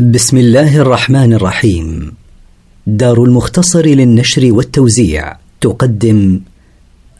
بسم الله الرحمن الرحيم دار المختصر للنشر والتوزيع تقدم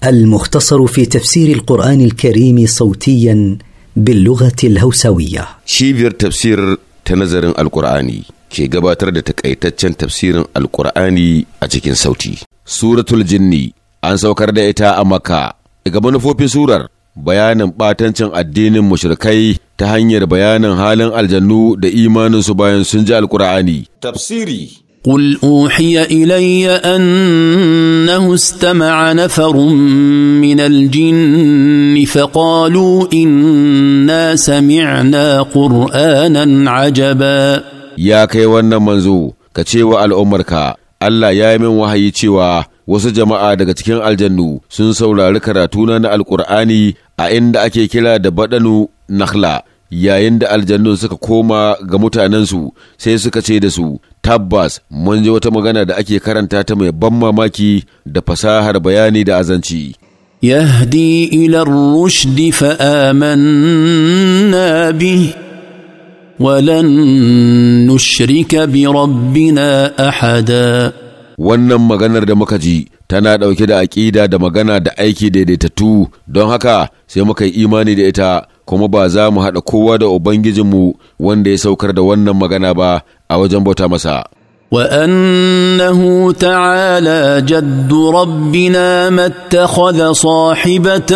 المختصر في تفسير القرآن الكريم صوتيا باللغة الهوسوية شيفير تفسير تنظر القرآني كي قباتر تكأيتتشن تفسير القرآني أجيكين صوتي سورة الجني أن سوكر دائتا أمكا إقبان فوبين سورة بيان باتنشن الدين مشركي ta hanyar bayanin halin aljannu da imaninsu bayan sun ji alkur'ani. Tafsiri قل أوحي إلي أنه استمع نفر من الجن فقالوا إنا سمعنا قرآنا عجبا يا كي wannan manzo ka ce wa al'ummarka Allah ya yi min wahayi cewa wasu jama'a daga cikin aljannu sun saurari karatuna na alƙur'ani a inda ake kira da baɗanu nakhla yayin da aljannu suka koma ga mutanensu sai suka ce da su tabbas mun ji wata magana da ake karanta ta mai ban mamaki da fasahar bayani da azanci Yahdi rushd fa amanna bi walan nushrika bi rabbina ahada wannan maganar da muka ji tana ɗauke da aƙida da magana da aiki daidaitattu don haka sai muka yi imani da ita kuma ba za mu haɗa kowa da Ubangijinmu wanda ya saukar da wannan magana ba a wajen bauta masa. وأنه تعالى جد ربنا ما اتخذ صاحبة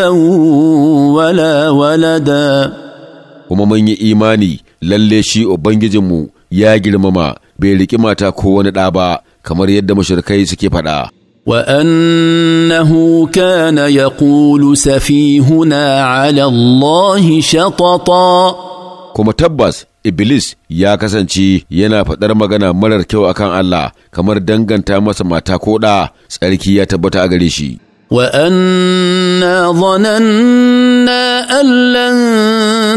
ولا ولدا kuma mun yi imani lalle shi Ubangijinmu ya girmama bai riƙi mata ko wani ɗa ba kamar yadda mashirkai suke faɗa. وانه كان يقول سفيهنا على الله شططا kuma tabbas Iblis ya kasance yana faɗar magana marar kyau kan Allah kamar danganta masa mata ko ɗa tsarki ya tabbata a gare shi. Wa'anna ظننا أن لن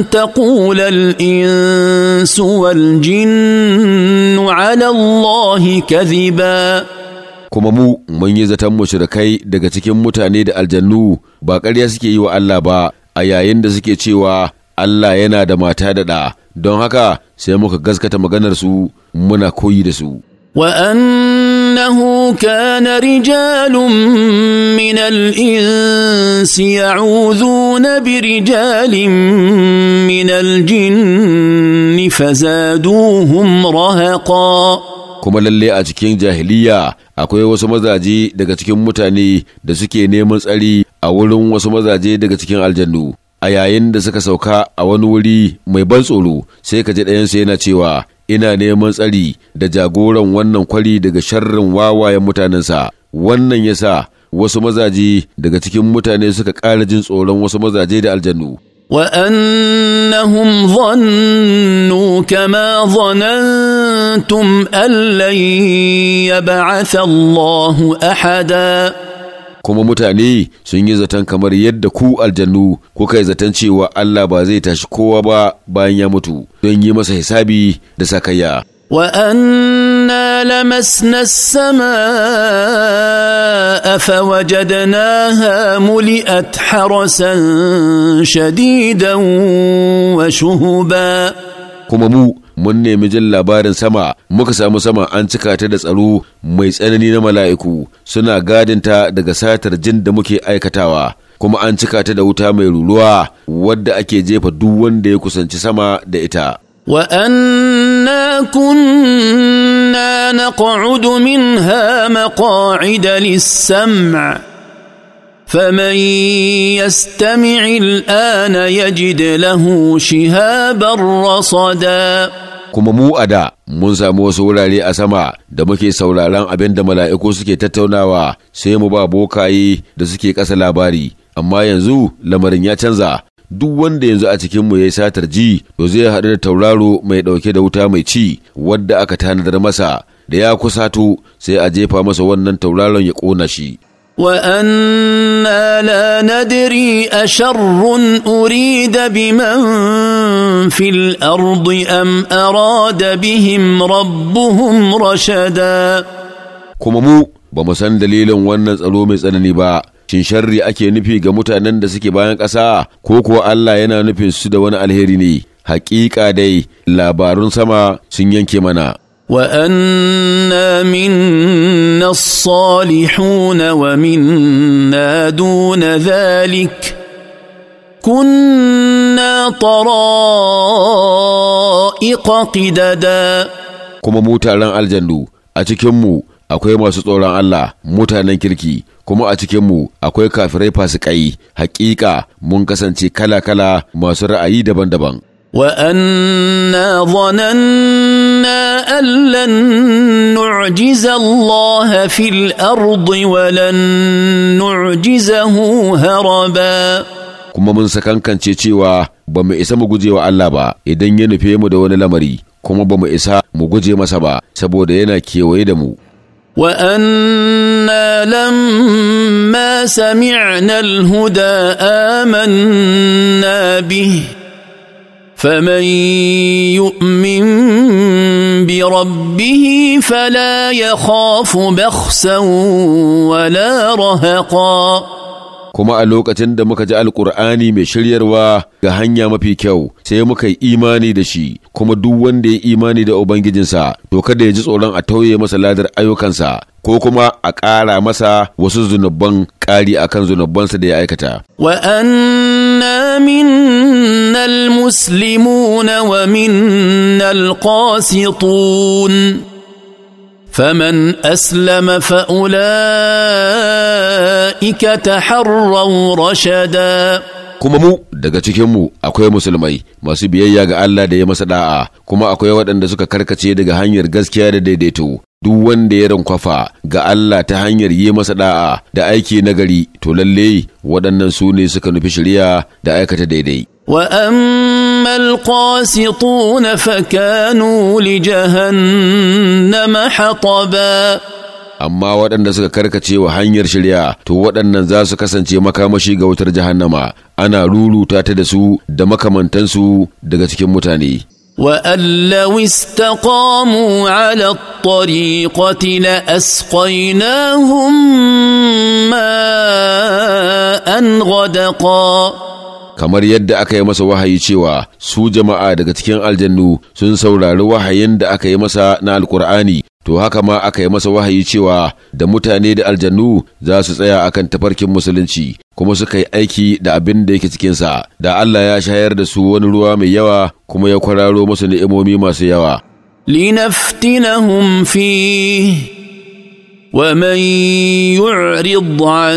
تقول الإنس والجن على الله كذباً kuma mu mun yi zaton mu mushrikai daga cikin mutane da aljannu ba ƙarya suke yi wa Allah ba a yayin da suke cewa Allah yana da mata da ɗa don haka sai muka gaskata maganarsu muna koyi da su انه كان رجال من الانس يعوذون برجال من الجن فزادوهم رهقا kuma lalle a cikin jahiliya akwai wasu mazaje daga cikin mutane da suke neman tsari a wurin wasu mazaje daga cikin aljannu a yayin da suka sauka a wani wuri mai ban tsoro sai ka ji ɗayansu yana cewa ina neman tsari da jagoran wannan kwari daga sharrin wawayen mutanensa wannan ya sa wasu mazaje daga cikin mutane suka ƙara jin tsoron wasu mazaje da aljannu وانهم ظنوا كما ظننتم ان لن يبعث الله احدا kuma mutane sun yi zaton kamar yadda ku aljannu kuka yi zaton cewa Allah ba zai tashi kowa ba bayan ya mutu don yi masa hisabi da sakayya. وأنا لمسنا السماء فوجدناها ملئت حرسا شديدا وشهبا kuma mu mun nemi jin labarin sama muka samu sama an cika ta da tsaro mai tsanani na mala'iku suna gadinta daga satar jin da muke aikatawa kuma an cika ta da wuta mai ruruwa wadda ake jefa duk wanda ya kusanci sama da ita وأنا كنا نقعد منها مقاعد للسمع فمن يستمع الآن يجد له شهابا رصدا kuma mu a da mun samu wasu wurare a sama da muke sauraron abin da mala'iku suke tattaunawa sai mu ba bokaye da suke ƙasa labari amma yanzu lamarin ya canza duk wanda yanzu a cikinmu ya yi satar ji to zai haɗu da tauraro mai ɗauke da wuta mai ci wadda aka tanadar masa da ya kusa to sai a jefa masa wannan tauraron ya ƙona shi. وأنا لا ندري أشر أريد بمن في الارض ام اراد بهم ربهم رشدا kuma mu ba mu san dalilin wannan tsaro mai tsanani ba shin sharri ake nufi ga mutanen da suke bayan ƙasa ko kuwa Allah yana nufin su da wani alheri ne Haƙiƙa dai labarun sama sun yanke mana وأنا منا الصالحون ومنا دون ذلك كنا طرائق قددا kuma mu taron aljannu a cikinmu akwai masu tsoron Allah mutanen kirki kuma a cikinmu akwai kafirai fasikai Haƙiƙa! mun kasance kala-kala masu ra'ayi daban-daban وأنا ظننا أن لن نعجز الله في الأرض ولن نعجزه هرباً kuma mun sakankance cewa ba mu isa mu guje wa Allah ba idan ya nufe mu da wani lamari kuma ba mu isa mu guje masa ba saboda yana kewaye da mu وأنا لما سمعنا الهدى آمنا به فمن يؤمن بربه فلا يخاف بخسا ولا رهقا kuma a lokacin da muka ji alkur'ani mai shiryarwa ga hanya mafi kyau sai muka yi imani da shi kuma duk wanda ya imani da ubangijinsa to kada ya ji tsoron a tauye masa ladar ayyukansa ko kuma a ƙara masa wasu zunubban ƙari a kan zunubansa da ya aikata wa wa فمن اسلم فاولئك تحروا رشدا kuma mu daga cikin mu akwai musulmai masu biyayya ga Allah da ya masa da'a kuma akwai waɗanda suka karkace daga hanyar gaskiya da daidaito duk wanda ya rankwafa ga Allah ta hanyar yi masa da'a da aiki nagari to lalle waɗannan su ne suka nufi shari'a da aikata daidai wa واما القاسطون فكانوا لجهنم حطبا amma waɗanda suka karkace wa hanyar shirya to waɗannan za su kasance makamashi ga wutar jahannama ana ruruta ta da su da makamantansu daga cikin mutane وأن لو استقاموا على na لأسقيناهم ماء kamar yadda aka yi masa wahayi cewa su jama'a daga cikin aljannu sun saurari wahayin da aka yi masa na alkur'ani to haka ma aka yi masa wahayi cewa da mutane da aljannu za su tsaya akan tafarkin musulunci kuma suka yi aiki da abin da yake cikinsa da Allah ya shayar da su wani ruwa mai yawa kuma ya kwararo masu ni'imomi masu yawa linaftinahum fi ومن يعرض عن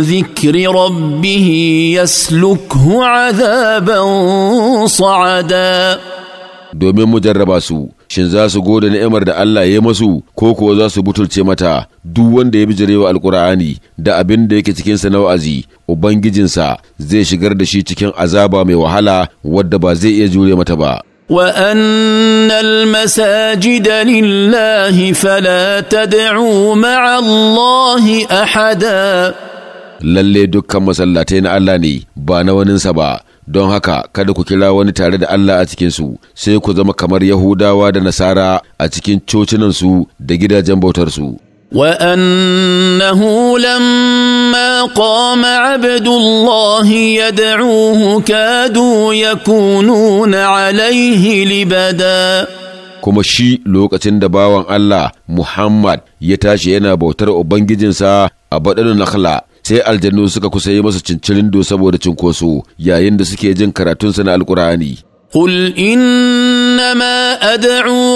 ذكر ربه يسلكه عذابا صعدا domin mu jarraba su shin za su gode ni'imar da Allah ya masu ko kuwa za su butulce mata duk wanda ya bi wa alkur'ani da abin da yake cikinsa na wa'azi ubangijinsa zai shigar da shi cikin azaba mai wahala wadda ba zai iya jure mata ba وان المساجد لله فلا تدعوا مع الله احدا lalle dukkan masallatai na Allah ne ba na waninsa ba don haka kada ku kira wani tare da Allah a cikinsu sai ku zama kamar Yahudawa da Nasara a cikin cocinansu da gidajen bautarsu. وأنه لما فلما قام عبد الله يدعوه كادوا يكونون عليه لبدا kuma shi lokacin da bawan Allah Muhammad ya tashi yana bautar Ubangijinsa a baɗin nakhla sai aljannu suka kusa yi masa cincirindo saboda cinkoso yayin da suke jin karatunsa na Alƙur'ani. قل انما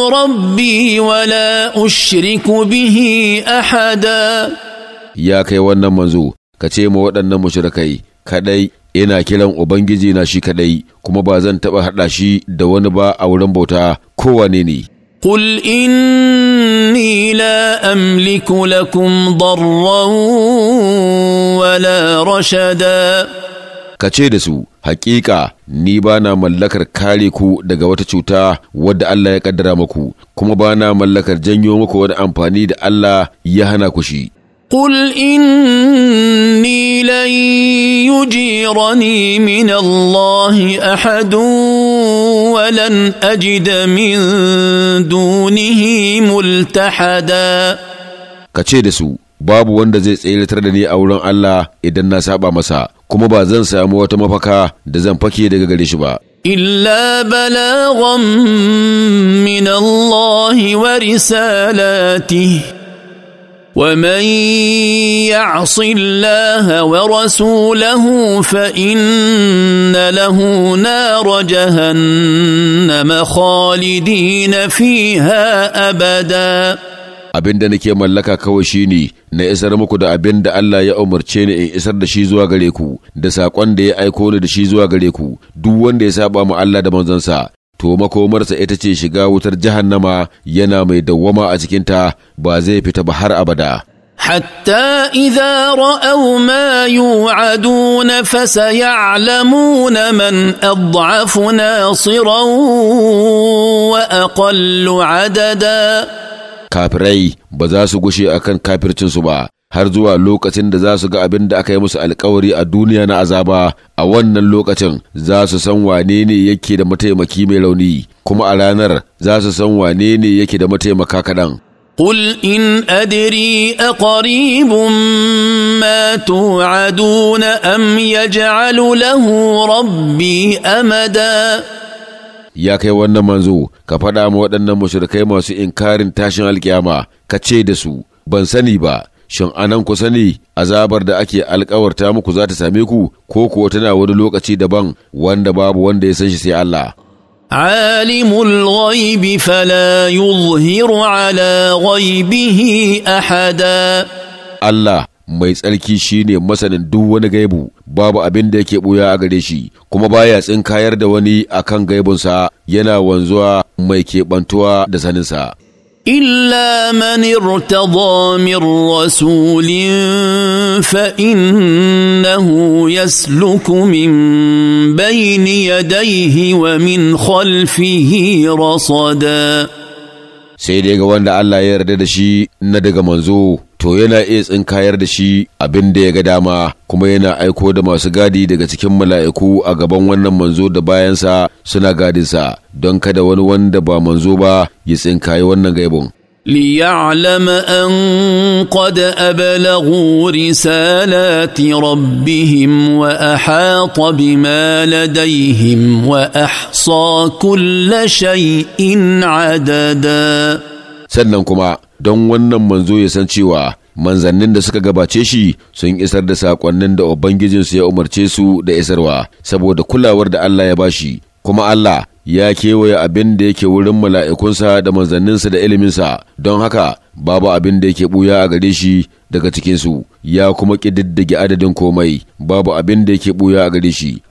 Rabbi wala ولا اشرك bihi احدا ya kai wannan manzo ka ce ma waɗannan mushrikai kadai ina kiran ubangiji na shi kadai kuma ba zan taɓa haɗa shi da wani ba a wurin bauta kowane ne قل إني لا أملك لكم ضرا ولا رشدا kace da su hakika ni ba na mallakar kare ku daga wata cuta wadda Allah ya kaddara maku kuma ba na mallakar janyo muku wani amfani da Allah ya hana ku shi قل اني لن يجيرني من الله احد ولن اجد من دونه ملتحدا kace da su babu wanda zai tsayar da ni a wurin Allah idan na saɓa masa kuma ba zan samu wata mafaka da zan fake daga gare shi ba إلا بلاغا من الله ورسالاته ومن يعص الله ورسوله فان له نار جهنم خالدين فيها ابدا abin da nake mallaka kawai shine na isar muku da abin da Allah ya umarce ni in isar da shi zuwa gare ku da saƙon da ya aiko ni da shi zuwa gare ku duk wanda ya saba mu Allah da manzansa to makomarsa ita ce shiga wutar jahannama yana mai dawwama a cikinta ba zai fita ba har abada. حتى إذا رأوا ما يوعدون فسيعلمون من أضعف ناصرا وأقل عددا. كابري بزاسو غشي أكن كابرتشن سبا har zuwa lokacin da za su ga abin da aka yi musu alkawari a duniya na azaba a wannan lokacin za su san wane ne yake da mataimaki mai rauni kuma a ranar za su san wane ne yake da mataimaka kaɗan. قل إن أدري na ما توعدون أم يجعل له ربي أمدا ya kai wannan manzo ka faɗa ma waɗannan mushrikai masu inkarin tashin alkiyama ka ce da su ban sani ba shin anan ku sani azabar da ake alkawarta muku za ta same ku ko kuwa tana wani lokaci daban wanda babu wanda ya san shi sai Allah alimul الغيب fala yuzhiru ala غيبه ahada Allah mai tsarki shine masanin duk wani gaibu babu abin da yake buya a gare shi kuma baya tsinkayar da wani akan gaibunsa yana wanzuwa mai keɓantuwa da saninsa الا من ارتضى من رسول فانه يسلك من بين يديه ومن خلفه رصدا سيدي dai الله يرددشي Allah ya to yana iya tsinkayar da shi abin da ya ga dama kuma yana aiko da masu gadi daga cikin mala'iku a gaban wannan manzo da bayansa suna gadinsa don kada wani wanda ba manzo ba ya tsinkayi wannan gaibun. ليعلم ان قد ابلغوا رسالات ربهم واحاط بما لديهم واحصى كل شيء عددا sannan kuma don wannan manzo ya san cewa manzannin da suka gabace shi sun isar da saƙonnin da ubangijinsu ya umarce su da isarwa saboda kulawar da Allah ya bashi kuma Allah ya kewaye abin da yake wurin mala'ikunsa da manzanninsa da iliminsa don haka babu abin da yake buya a gare shi daga cikinsu ya kuma ƙididdige adadin komai babu abin da yake buya a gare shi